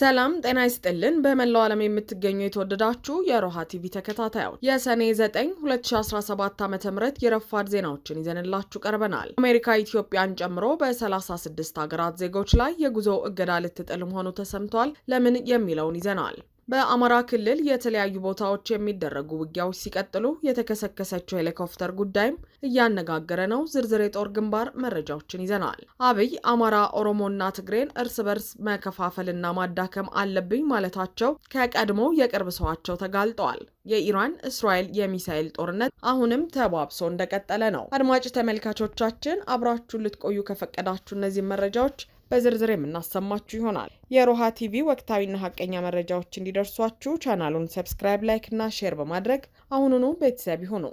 ሰላም ጤና ይስጥልን። በመላው ዓለም የምትገኙ የተወደዳችሁ የሮሃ ቲቪ ተከታታዮች የሰኔ 9 2017 ዓ ም የረፋድ ዜናዎችን ይዘንላችሁ ቀርበናል። አሜሪካ ኢትዮጵያን ጨምሮ በ36 ሀገራት ዜጎች ላይ የጉዞ እገዳ ልትጥል መሆኑ ተሰምቷል። ለምን የሚለውን ይዘናል። በአማራ ክልል የተለያዩ ቦታዎች የሚደረጉ ውጊያዎች ሲቀጥሉ የተከሰከሰችው ሄሊኮፕተር ጉዳይም እያነጋገረ ነው። ዝርዝር የጦር ግንባር መረጃዎችን ይዘናል። አብይ አማራ፣ ኦሮሞና ትግሬን እርስ በርስ መከፋፈልና ማዳከም አለብኝ ማለታቸው ከቀድሞ የቅርብ ሰዋቸው ተጋልጠዋል። የኢራን እስራኤል የሚሳኤል ጦርነት አሁንም ተባብሶ እንደቀጠለ ነው። አድማጭ ተመልካቾቻችን አብራችሁን ልትቆዩ ከፈቀዳችሁ እነዚህ መረጃዎች በዝርዝር የምናሰማችሁ ይሆናል። የሮሃ ቲቪ ወቅታዊና ሀቀኛ መረጃዎች እንዲደርሷችሁ ቻናሉን ሰብስክራይብ፣ ላይክ እና ሼር በማድረግ አሁኑኑ ቤተሰብ ይሁኑ።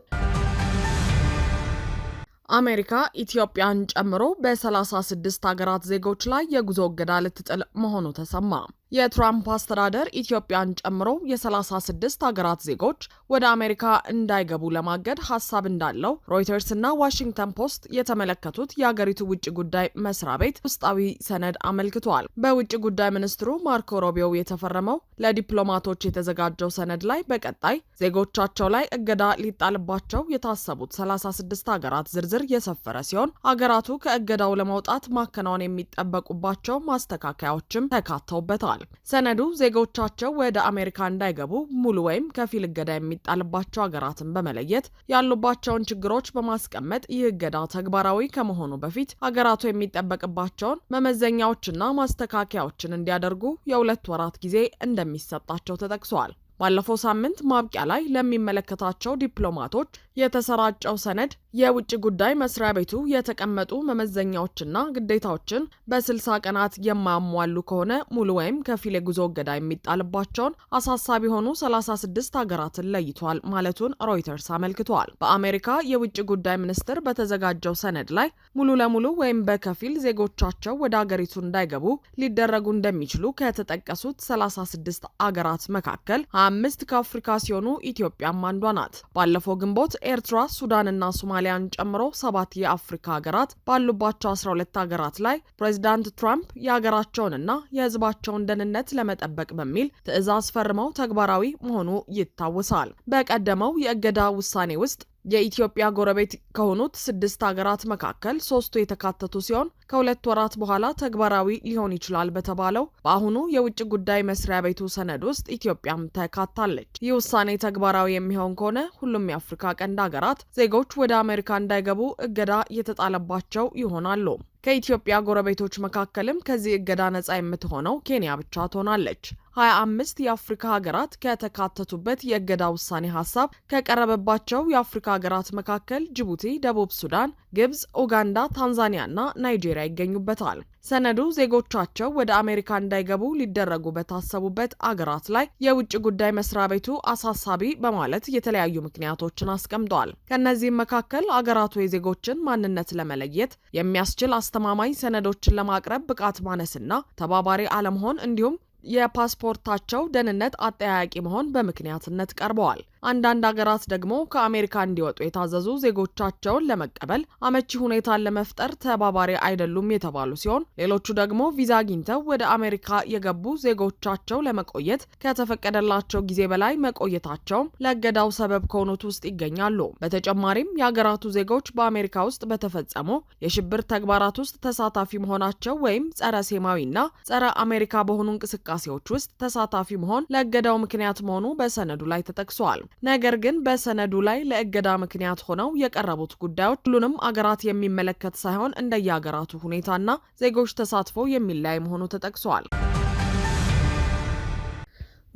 አሜሪካ ኢትዮጵያን ጨምሮ በ36 ሀገራት ዜጎች ላይ የጉዞ እገዳ ልትጥል መሆኑ ተሰማ። የትራምፕ አስተዳደር ኢትዮጵያን ጨምሮ የ36 ሀገራት ዜጎች ወደ አሜሪካ እንዳይገቡ ለማገድ ሀሳብ እንዳለው ሮይተርስ እና ዋሽንግተን ፖስት የተመለከቱት የአገሪቱ ውጭ ጉዳይ መስሪያ ቤት ውስጣዊ ሰነድ አመልክቷል። በውጭ ጉዳይ ሚኒስትሩ ማርኮ ሮቢዮ የተፈረመው ለዲፕሎማቶች የተዘጋጀው ሰነድ ላይ በቀጣይ ዜጎቻቸው ላይ እገዳ ሊጣልባቸው የታሰቡት 36 ሀገራት ዝርዝር የሰፈረ ሲሆን አገራቱ ከእገዳው ለመውጣት ማከናወን የሚጠበቁባቸው ማስተካከያዎችም ተካተውበታል። ተናግረዋል። ሰነዱ ዜጎቻቸው ወደ አሜሪካ እንዳይገቡ ሙሉ ወይም ከፊል እገዳ የሚጣልባቸው ሀገራትን በመለየት ያሉባቸውን ችግሮች በማስቀመጥ ይህ እገዳ ተግባራዊ ከመሆኑ በፊት ሀገራቱ የሚጠበቅባቸውን መመዘኛዎችና ማስተካከያዎችን እንዲያደርጉ የሁለት ወራት ጊዜ እንደሚሰጣቸው ተጠቅሷል። ባለፈው ሳምንት ማብቂያ ላይ ለሚመለከታቸው ዲፕሎማቶች የተሰራጨው ሰነድ የውጭ ጉዳይ መስሪያ ቤቱ የተቀመጡ መመዘኛዎችና ግዴታዎችን በስልሳ ቀናት የማያሟሉ ከሆነ ሙሉ ወይም ከፊል የጉዞ እገዳ የሚጣልባቸውን አሳሳቢ የሆኑ 36 ሀገራትን ለይቷል ማለቱን ሮይተርስ አመልክቷል። በአሜሪካ የውጭ ጉዳይ ሚኒስቴር በተዘጋጀው ሰነድ ላይ ሙሉ ለሙሉ ወይም በከፊል ዜጎቻቸው ወደ አገሪቱ እንዳይገቡ ሊደረጉ እንደሚችሉ ከተጠቀሱት 36 አገራት መካከል አምስት ከአፍሪካ ሲሆኑ ኢትዮጵያም አንዷ ናት። ባለፈው ግንቦት ኤርትራ፣ ሱዳንና ሶማሊያን ጨምሮ ሰባት የአፍሪካ ሀገራት ባሉባቸው 12 ሀገራት ላይ ፕሬዚዳንት ትራምፕ የሀገራቸውንና የሕዝባቸውን ደህንነት ለመጠበቅ በሚል ትዕዛዝ ፈርመው ተግባራዊ መሆኑ ይታወሳል። በቀደመው የእገዳ ውሳኔ ውስጥ የኢትዮጵያ ጎረቤት ከሆኑት ስድስት ሀገራት መካከል ሶስቱ የተካተቱ ሲሆን ከሁለት ወራት በኋላ ተግባራዊ ሊሆን ይችላል በተባለው በአሁኑ የውጭ ጉዳይ መስሪያ ቤቱ ሰነድ ውስጥ ኢትዮጵያም ተካታለች። ይህ ውሳኔ ተግባራዊ የሚሆን ከሆነ ሁሉም የአፍሪካ ቀንድ ሀገራት ዜጎች ወደ አሜሪካ እንዳይገቡ እገዳ የተጣለባቸው ይሆናሉ። ከኢትዮጵያ ጎረቤቶች መካከልም ከዚህ እገዳ ነጻ የምትሆነው ኬንያ ብቻ ትሆናለች። 25 የአፍሪካ ሀገራት ከተካተቱበት የእገዳ ውሳኔ ሀሳብ ከቀረበባቸው የአፍሪካ ሀገራት መካከል ጅቡቲ፣ ደቡብ ሱዳን፣ ግብጽ፣ ኡጋንዳ፣ ታንዛኒያ እና ናይጄሪያ ይገኙበታል። ሰነዱ ዜጎቻቸው ወደ አሜሪካ እንዳይገቡ ሊደረጉ በታሰቡበት አገራት ላይ የውጭ ጉዳይ መስሪያ ቤቱ አሳሳቢ በማለት የተለያዩ ምክንያቶችን አስቀምጧል። ከእነዚህም መካከል አገራቱ የዜጎችን ማንነት ለመለየት የሚያስችል አስተማማኝ ሰነዶችን ለማቅረብ ብቃት ማነስና ተባባሪ አለመሆን እንዲሁም የፓስፖርታቸው ደህንነት አጠያያቂ መሆን በምክንያትነት ቀርበዋል። አንዳንድ ሀገራት ደግሞ ከአሜሪካ እንዲወጡ የታዘዙ ዜጎቻቸውን ለመቀበል አመቺ ሁኔታን ለመፍጠር ተባባሪ አይደሉም የተባሉ ሲሆን ሌሎቹ ደግሞ ቪዛ አግኝተው ወደ አሜሪካ የገቡ ዜጎቻቸው ለመቆየት ከተፈቀደላቸው ጊዜ በላይ መቆየታቸውም ለእገዳው ሰበብ ከሆኑት ውስጥ ይገኛሉ። በተጨማሪም የሀገራቱ ዜጎች በአሜሪካ ውስጥ በተፈጸሙ የሽብር ተግባራት ውስጥ ተሳታፊ መሆናቸው ወይም ጸረ ሴማዊና ጸረ አሜሪካ በሆኑ እንቅስቃሴዎች ውስጥ ተሳታፊ መሆን ለእገዳው ምክንያት መሆኑ በሰነዱ ላይ ተጠቅሷል። ነገር ግን በሰነዱ ላይ ለእገዳ ምክንያት ሆነው የቀረቡት ጉዳዮች ሁሉንም አገራት የሚመለከት ሳይሆን እንደየአገራቱ ሁኔታና ዜጎች ተሳትፎ የሚለያይ መሆኑ ተጠቅሷል።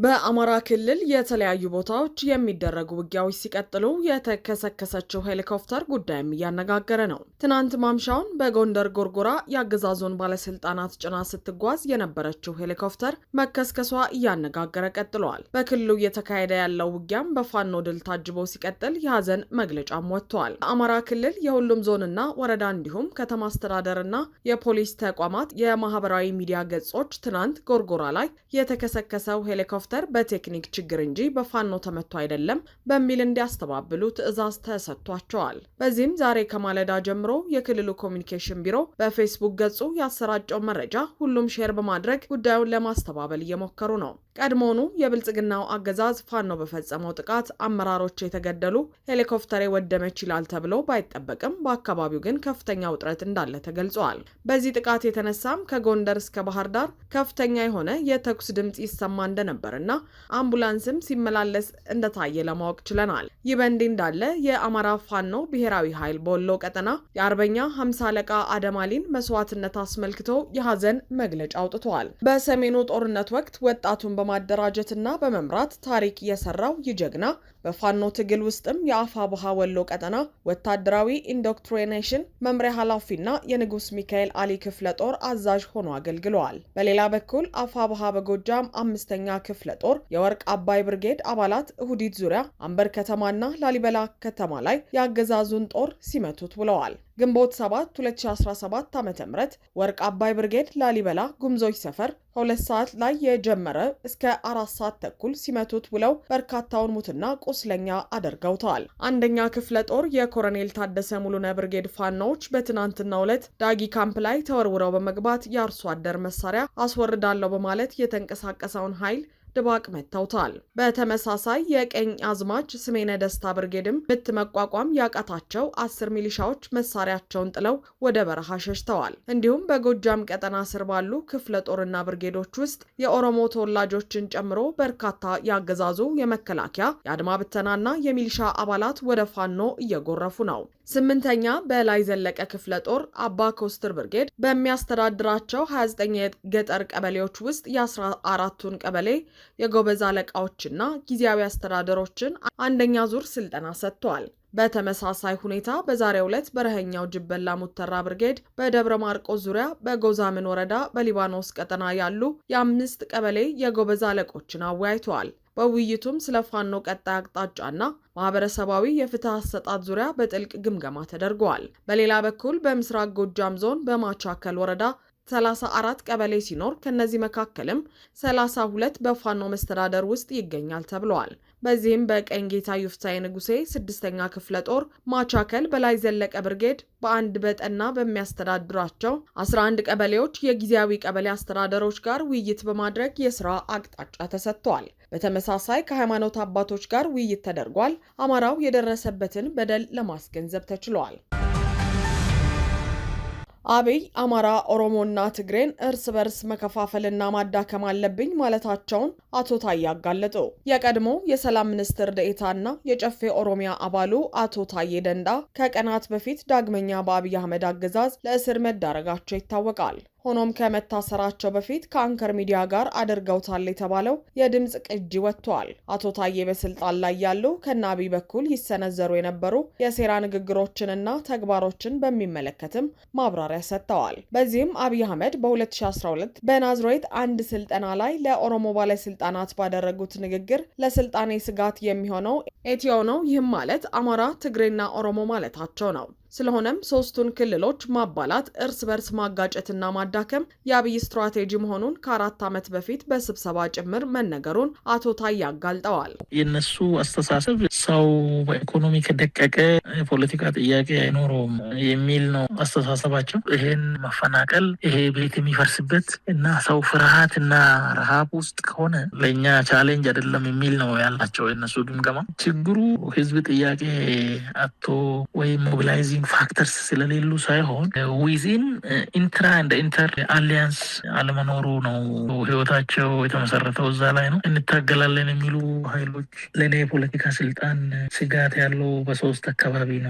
በአማራ ክልል የተለያዩ ቦታዎች የሚደረጉ ውጊያዎች ሲቀጥሉ የተከሰከሰችው ሄሊኮፕተር ጉዳይም እያነጋገረ ነው። ትናንት ማምሻውን በጎንደር ጎርጎራ የአገዛዙን ባለስልጣናት ጭና ስትጓዝ የነበረችው ሄሊኮፕተር መከስከሷ እያነጋገረ ቀጥሏል። በክልሉ እየተካሄደ ያለው ውጊያም በፋኖ ድል ታጅቦ ሲቀጥል የሀዘን መግለጫም ወጥቷል። በአማራ ክልል የሁሉም ዞንና ወረዳ እንዲሁም ከተማ አስተዳደርና የፖሊስ ተቋማት የማህበራዊ ሚዲያ ገጾች ትናንት ጎርጎራ ላይ የተከሰከሰው ሄሊኮፕተር ሄሊኮፕተር በቴክኒክ ችግር እንጂ በፋኖ ተመቶ አይደለም በሚል እንዲያስተባብሉ ትዕዛዝ ተሰጥቷቸዋል። በዚህም ዛሬ ከማለዳ ጀምሮ የክልሉ ኮሚኒኬሽን ቢሮ በፌስቡክ ገጹ ያሰራጨው መረጃ ሁሉም ሼር በማድረግ ጉዳዩን ለማስተባበል እየሞከሩ ነው። ቀድሞውኑ የብልጽግናው አገዛዝ ፋኖ በፈጸመው ጥቃት አመራሮች የተገደሉ፣ ሄሊኮፕተር ወደመች ይላል ተብሎ ባይጠበቅም በአካባቢው ግን ከፍተኛ ውጥረት እንዳለ ተገልጿል። በዚህ ጥቃት የተነሳም ከጎንደር እስከ ባህር ዳር ከፍተኛ የሆነ የተኩስ ድምፅ ይሰማ እንደነበርና አምቡላንስም ሲመላለስ እንደታየ ለማወቅ ችለናል። ይህ በእንዲህ እንዳለ የአማራ ፋኖ ብሔራዊ ኃይል በወሎ ቀጠና የአርበኛ ሀምሳ አለቃ አደማሊን መስዋዕትነት አስመልክቶ የሀዘን መግለጫ አውጥቷል። በሰሜኑ ጦርነት ወቅት ወጣቱን በማደራጀትና በመምራት ታሪክ የሰራው ይህ ጀግና በፋኖ ትግል ውስጥም የአፋ ባሃ ወሎ ቀጠና ወታደራዊ ኢንዶክትሪኔሽን መምሪያ ኃላፊና የንጉስ ሚካኤል አሊ ክፍለ ጦር አዛዥ ሆኖ አገልግለዋል። በሌላ በኩል አፋ ባሃ በጎጃም አምስተኛ ክፍለ ጦር የወርቅ አባይ ብርጌድ አባላት እሁዲት ዙሪያ አንበር ከተማና ላሊበላ ከተማ ላይ የአገዛዙን ጦር ሲመቱት ውለዋል። ግንቦት 7 2017 ዓ ም ወርቅ አባይ ብርጌድ ላሊበላ ጉምዞች ሰፈር ከሁለት ሰዓት ላይ የጀመረ እስከ አራት ሰዓት ተኩል ሲመቱት ውለው በርካታውን ሙትና ቁስለኛ አድርገውተዋል። አንደኛ ክፍለ ጦር የኮረኔል ታደሰ ሙሉነ ብርጌድ ፋኖዎች በትናንትናው ዕለት ዳጊ ካምፕ ላይ ተወርውረው በመግባት የአርሶ አደር መሳሪያ አስወርዳለሁ በማለት የተንቀሳቀሰውን ኃይል ድባቅ መታውታል። በተመሳሳይ የቀኝ አዝማች ስሜነ ደስታ ብርጌድም ምት መቋቋም ያቃታቸው አስር ሚሊሻዎች መሳሪያቸውን ጥለው ወደ በረሃ ሸሽተዋል። እንዲሁም በጎጃም ቀጠና ስር ባሉ ክፍለ ጦርና ብርጌዶች ውስጥ የኦሮሞ ተወላጆችን ጨምሮ በርካታ ያገዛዙ የመከላከያ የአድማ ብተናና የሚሊሻ አባላት ወደ ፋኖ እየጎረፉ ነው። ስምንተኛ በላይ ዘለቀ ክፍለ ጦር አባ ኮስትር ብርጌድ በሚያስተዳድራቸው 29 የገጠር ቀበሌዎች ውስጥ የ14ቱን ቀበሌ የጎበዝ አለቃዎችና ጊዜያዊ አስተዳደሮችን አንደኛ ዙር ስልጠና ሰጥተዋል። በተመሳሳይ ሁኔታ በዛሬው ዕለት በረኸኛው ጅበላ ሙተራ ብርጌድ በደብረ ማርቆስ ዙሪያ በጎዛምን ወረዳ በሊባኖስ ቀጠና ያሉ የአምስት ቀበሌ የጎበዝ አለቆችን አወያይተዋል። በውይይቱም ስለ ፋኖ ቀጣይ አቅጣጫና ማህበረሰባዊ የፍትህ አሰጣት ዙሪያ በጥልቅ ግምገማ ተደርገዋል። በሌላ በኩል በምስራቅ ጎጃም ዞን በማቻከል ወረዳ 34 ቀበሌ ሲኖር ከነዚህ መካከልም 32 በፋኖ መስተዳደር ውስጥ ይገኛል ተብለዋል። በዚህም በቀኝ ጌታ ዩፍታዬ ንጉሴ ስድስተኛ ክፍለ ጦር ማቻከል በላይ ዘለቀ ብርጌድ በአንድ በጠና በሚያስተዳድራቸው 11 ቀበሌዎች የጊዜያዊ ቀበሌ አስተዳደሮች ጋር ውይይት በማድረግ የስራ አቅጣጫ ተሰጥቷል። በተመሳሳይ ከሃይማኖት አባቶች ጋር ውይይት ተደርጓል። አማራው የደረሰበትን በደል ለማስገንዘብ ተችሏል። አብይ አማራ፣ ኦሮሞና ትግሬን እርስ በርስ መከፋፈልና ማዳከም አለብኝ ማለታቸውን አቶ ታዬ አጋለጡ። የቀድሞ የሰላም ሚኒስትር ደኤታና የጨፌ ኦሮሚያ አባሉ አቶ ታዬ ደንዳ ከቀናት በፊት ዳግመኛ በአብይ አህመድ አገዛዝ ለእስር መዳረጋቸው ይታወቃል። ሆኖም ከመታሰራቸው በፊት ከአንከር ሚዲያ ጋር አድርገውታል የተባለው የድምፅ ቅጂ ወጥቷል። አቶ ታዬ በስልጣን ላይ ያሉ ከናቢ በኩል ይሰነዘሩ የነበሩ የሴራ ንግግሮችንና ተግባሮችን በሚመለከትም ማብራሪያ ሰጥተዋል። በዚህም አብይ አህመድ በ2012 በናዝሬት አንድ ስልጠና ላይ ለኦሮሞ ባለስልጣናት ባደረጉት ንግግር ለስልጣኔ ስጋት የሚሆነው ኤትዮ ነው፣ ይህም ማለት አማራ፣ ትግሬና ኦሮሞ ማለታቸው ነው። ስለሆነም ሶስቱን ክልሎች ማባላት፣ እርስ በርስ ማጋጨትና ማዳከም የአብይ ስትራቴጂ መሆኑን ከአራት ዓመት በፊት በስብሰባ ጭምር መነገሩን አቶ ታዬ አጋልጠዋል። የነሱ አስተሳሰብ ሰው በኢኮኖሚ ከደቀቀ የፖለቲካ ጥያቄ አይኖረውም የሚል ነው አስተሳሰባቸው። ይሄን መፈናቀል፣ ይሄ ቤት የሚፈርስበት እና ሰው ፍርሃት እና ረሃብ ውስጥ ከሆነ ለእኛ ቻሌንጅ አይደለም የሚል ነው ያላቸው የነሱ ግምገማ። ችግሩ ህዝብ ጥያቄ አቶ ወይም ሞቢላይዚ ሊንኪንግ ፋክተርስ ስለሌሉ ሳይሆን ዊዚን ኢንትራ እንደ ኢንተር አሊያንስ አለመኖሩ ነው። ህይወታቸው የተመሰረተው እዛ ላይ ነው። እንታገላለን የሚሉ ሀይሎች ለእኔ የፖለቲካ ስልጣን ስጋት ያለው በሶስት አካባቢ ነው።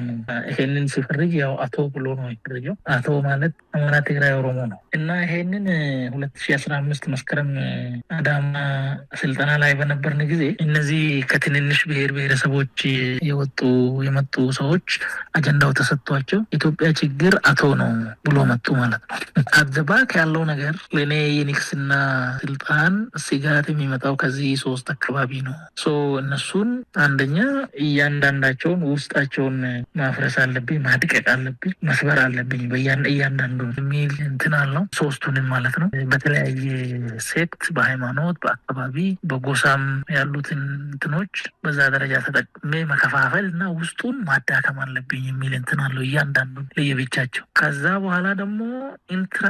ይሄንን ሲፈርጅ ያው አቶ ብሎ ነው የፈረጀው። አቶ ማለት አማራ፣ ትግራይ፣ ኦሮሞ ነው እና ይሄንን ሁለት ሺ አስራ አምስት መስከረም አዳማ ስልጠና ላይ በነበርን ጊዜ እነዚህ ከትንንሽ ብሄር ብሄረሰቦች የወጡ የመጡ ሰዎች አጀንዳው ተሰ መጥቷቸው ኢትዮጵያ ችግር አቶ ነው ብሎ መጡ ማለት ነው። አዘባክ ያለው ነገር ለእኔ የኒክስና ስልጣን ስጋት የሚመጣው ከዚህ ሶስት አካባቢ ነው። እነሱን አንደኛ እያንዳንዳቸውን ውስጣቸውን ማፍረስ አለብኝ፣ ማድቀቅ አለብኝ፣ መስበር አለብኝ በእያንዳንዱ የሚል እንትን አለው። ሶስቱንም ማለት ነው በተለያየ ሴክት፣ በሃይማኖት፣ በአካባቢ፣ በጎሳም ያሉትን እንትኖች በዛ ደረጃ ተጠቅሜ መከፋፈል እና ውስጡን ማዳከም አለብኝ የሚል እንትን አስፈጽማለሁ እያንዳንዱ ለየብቻቸው። ከዛ በኋላ ደግሞ ኢንትራ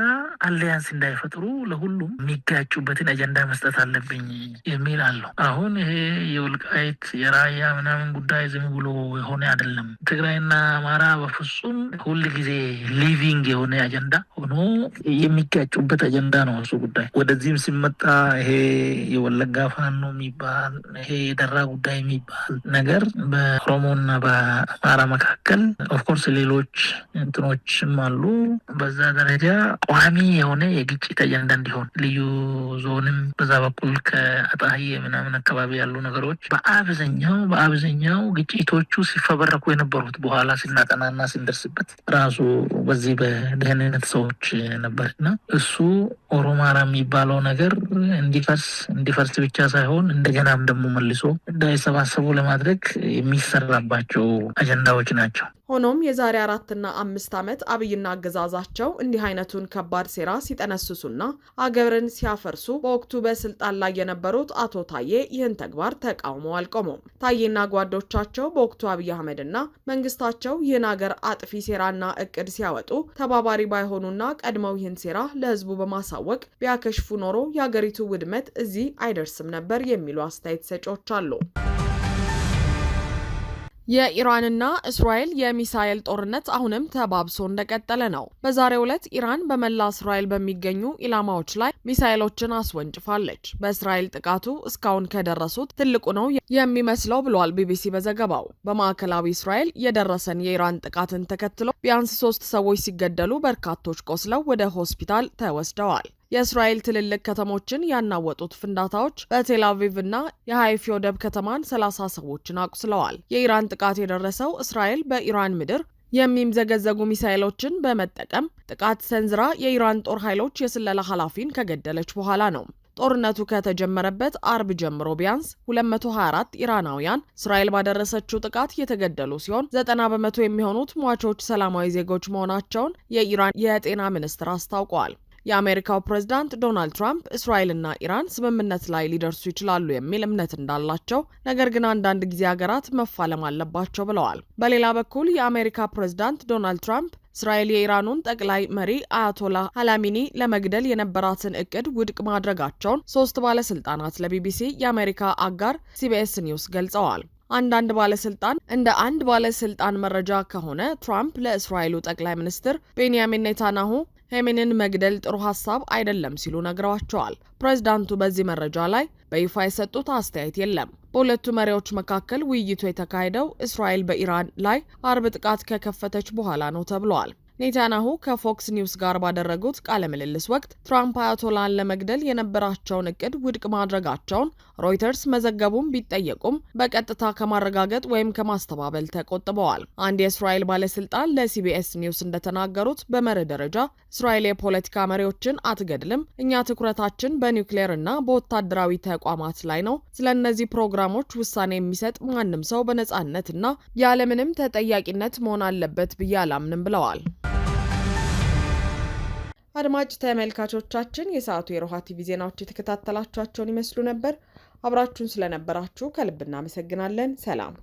አሊያንስ እንዳይፈጥሩ ለሁሉም የሚጋጩበትን አጀንዳ መስጠት አለብኝ የሚል አለው። አሁን ይሄ የውልቃይት የራያ ምናምን ጉዳይ ዝም ብሎ የሆነ አይደለም። ትግራይና አማራ በፍጹም ሁል ጊዜ ሊቪንግ የሆነ አጀንዳ ሆኖ የሚጋጩበት አጀንዳ ነው እሱ ጉዳይ። ወደዚህም ሲመጣ ይሄ የወለጋ ፋኖ የሚባል ይሄ የደራ ጉዳይ የሚባል ነገር በኦሮሞና በአማራ መካከል ኦፍኮርስ ሌሎች እንትኖችም አሉ። በዛ ደረጃ ቋሚ የሆነ የግጭት አጀንዳ እንዲሆን ልዩ ዞንም በዛ በኩል ከአጣዬ ምናምን አካባቢ ያሉ ነገሮች በአብዛኛው በአብዛኛው ግጭቶቹ ሲፈበረኩ የነበሩት በኋላ ስናጠናና ስንደርስበት ራሱ በዚህ በደህንነት ሰዎች ነበርና እሱ ኦሮማራ የሚባለው ነገር እንዲፈርስ እንዲፈርስ ብቻ ሳይሆን እንደገናም ደግሞ መልሶ እንዳይሰባሰቡ ለማድረግ የሚሰራባቸው አጀንዳዎች ናቸው። ሆኖም የዛሬ አራትና አምስት ዓመት አብይና አገዛዛቸው እንዲህ አይነቱን ከባድ ሴራ ሲጠነስሱና አገርን ሲያፈርሱ በወቅቱ በስልጣን ላይ የነበሩት አቶ ታዬ ይህን ተግባር ተቃውሞ አልቆሙም። ታዬና ጓዶቻቸው በወቅቱ አብይ አህመድና መንግስታቸው ይህን አገር አጥፊ ሴራና እቅድ ሲያወጡ ተባባሪ ባይሆኑና ቀድመው ይህን ሴራ ለህዝቡ በማሳወቅ ቢያከሽፉ ኖሮ የአገሪቱ ውድመት እዚህ አይደርስም ነበር የሚሉ አስተያየት ሰጪዎች አሉ። የኢራንና እስራኤል የሚሳኤል ጦርነት አሁንም ተባብሶ እንደቀጠለ ነው። በዛሬው ዕለት ኢራን በመላ እስራኤል በሚገኙ ኢላማዎች ላይ ሚሳኤሎችን አስወንጭፋለች። በእስራኤል ጥቃቱ እስካሁን ከደረሱት ትልቁ ነው የሚመስለው ብሏል ቢቢሲ በዘገባው። በማዕከላዊ እስራኤል የደረሰን የኢራን ጥቃትን ተከትሎ ቢያንስ ሶስት ሰዎች ሲገደሉ በርካቶች ቆስለው ወደ ሆስፒታል ተወስደዋል። የእስራኤል ትልልቅ ከተሞችን ያናወጡት ፍንዳታዎች በቴልአቪቭ እና የሃይፊ ወደብ ከተማን ሰላሳ ሰዎችን አቁስለዋል። የኢራን ጥቃት የደረሰው እስራኤል በኢራን ምድር የሚምዘገዘጉ ሚሳይሎችን በመጠቀም ጥቃት ሰንዝራ የኢራን ጦር ኃይሎች የስለላ ኃላፊን ከገደለች በኋላ ነው። ጦርነቱ ከተጀመረበት አርብ ጀምሮ ቢያንስ 224 ኢራናውያን እስራኤል ባደረሰችው ጥቃት የተገደሉ ሲሆን 90 በመቶ የሚሆኑት ሟቾች ሰላማዊ ዜጎች መሆናቸውን የኢራን የጤና ሚኒስትር አስታውቀዋል። የአሜሪካው ፕሬዝዳንት ዶናልድ ትራምፕ እስራኤልና ኢራን ስምምነት ላይ ሊደርሱ ይችላሉ የሚል እምነት እንዳላቸው፣ ነገር ግን አንዳንድ ጊዜ ሀገራት መፋለም አለባቸው ብለዋል። በሌላ በኩል የአሜሪካ ፕሬዝዳንት ዶናልድ ትራምፕ እስራኤል የኢራኑን ጠቅላይ መሪ አያቶላ ሀላሚኒ ለመግደል የነበራትን እቅድ ውድቅ ማድረጋቸውን ሶስት ባለስልጣናት ለቢቢሲ የአሜሪካ አጋር ሲቢኤስ ኒውስ ገልጸዋል። አንዳንድ ባለስልጣን እንደ አንድ ባለስልጣን መረጃ ከሆነ ትራምፕ ለእስራኤሉ ጠቅላይ ሚኒስትር ቤንያሚን ኔታንያሁ ሄሜንን መግደል ጥሩ ሀሳብ አይደለም ሲሉ ነግረዋቸዋል። ፕሬዚዳንቱ በዚህ መረጃ ላይ በይፋ የሰጡት አስተያየት የለም። በሁለቱ መሪዎች መካከል ውይይቱ የተካሄደው እስራኤል በኢራን ላይ አርብ ጥቃት ከከፈተች በኋላ ነው ተብለዋል። ኔታንያሁ ከፎክስ ኒውስ ጋር ባደረጉት ቃለ ምልልስ ወቅት ትራምፕ አያቶላን ለመግደል የነበራቸውን እቅድ ውድቅ ማድረጋቸውን ሮይተርስ መዘገቡን ቢጠየቁም በቀጥታ ከማረጋገጥ ወይም ከማስተባበል ተቆጥበዋል። አንድ የእስራኤል ባለስልጣን ለሲቢኤስ ኒውስ እንደተናገሩት በመርህ ደረጃ እስራኤል የፖለቲካ መሪዎችን አትገድልም። እኛ ትኩረታችን በኒውክሌር እና በወታደራዊ ተቋማት ላይ ነው። ስለ እነዚህ ፕሮግራሞች ውሳኔ የሚሰጥ ማንም ሰው እና ያለምንም ተጠያቂነት መሆን አለበት ብዬ አላምንም ብለዋል። አድማጭ ተመልካቾቻችን የሰዓቱ የሮሃ ቲቪ ዜናዎች የተከታተላችኋቸውን ይመስሉ ነበር። አብራችሁን ስለነበራችሁ ከልብ እናመሰግናለን። ሰላም